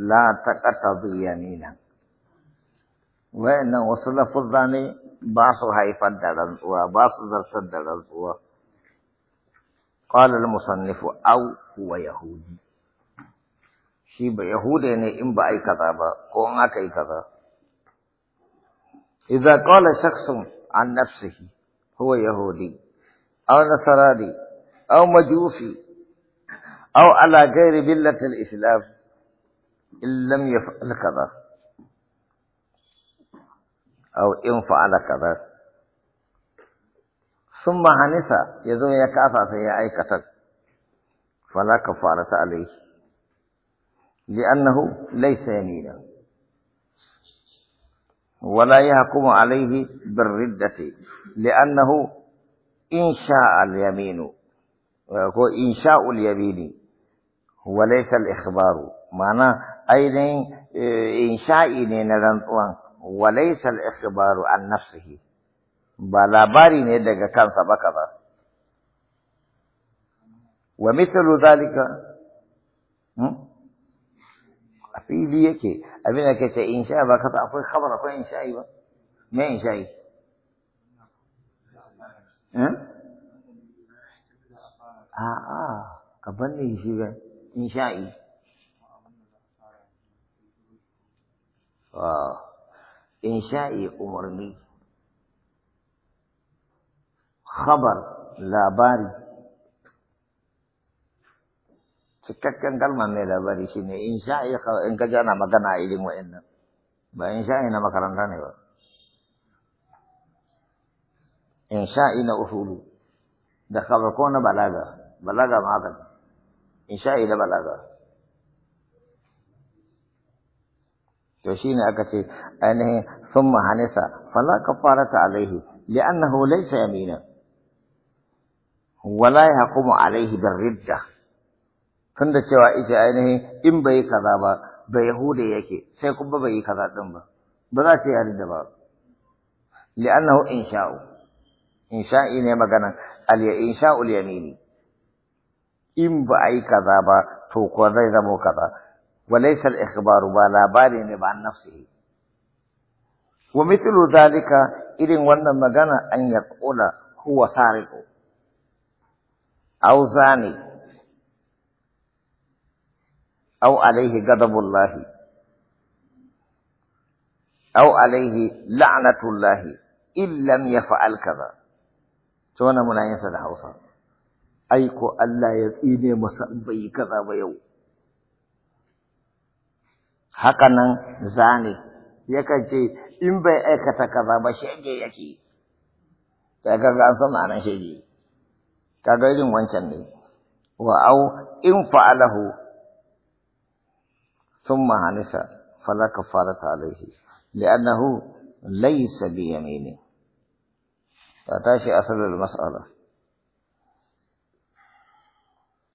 لا تقطب يمينا وين وصل فضاني باصو هاي فدرن وباصو درسن درسن و قال المصنف او هو يهودي شي بيهودي ني ان باي كذا با كو ان اكاي كذا اذا قال شخص عن نفسه هو يهودي او نصراني او مجوسي او على غير بلة الاسلام إن لم يفعل كذا أو إن فعل كذا ثم هنسى يزو يكافى في كتب فلا كفارة عليه لأنه ليس يمينا ولا يحكم عليه بالردة لأنه إنشاء اليمين ويقول إنشاء اليمين Walaisal ikibaru, mana ainihin eh, insha'i ne na rantsuwan walaisal ikibaru an nafsahi. Ba labari ne daga kansa ba ka Wa masarar za a rika? Hmm? A fili ya ke a minan insha'i ba kasa akwai habar akwai insha'i ba, me insha'i? Hmm? Aa, ka ban ne shi ba. insha'i insha'i umarni khabar labari cikakken kalma mai labari shine insha'i in ka jana magana irin wa'annan ba insha'i na makaranta ne ba insha'i na usulu da khabar ko na balaga balaga ma haka isha'i da balaga to shine aka ce ainihin summa hanisa fala kafarata alaihi li'annahu laysa yamina wala yahkumu alaihi birridda tunda cewa ita ainihin in bai kaza ba bai yahude yake sai kuma bai yi kaza din ba ba za ta yi yarda ba li'annahu insha'u insha'i ne magana al-insha'u al-yamini إن بأي a yi kaza ba to وليس الإخبار بالا بال عن نفسه ومثل ذلك إذن وانا مغانا أن يقول هو سارق أو زاني أو عليه غضب الله أو عليه لعنة الله إن لم يفعل كذا سوى منا ينسى aiko Allah ya tsine masa bai kaza ba yau haka nan zane yakan ce in bai aikata kaza ba shege yake ta kaga an san nan shege kaga irin wancan ne wa in fa'alahu thumma hanisa fala kafarata alaihi li'annahu laysa bi yamini ta tashi asalul mas'ala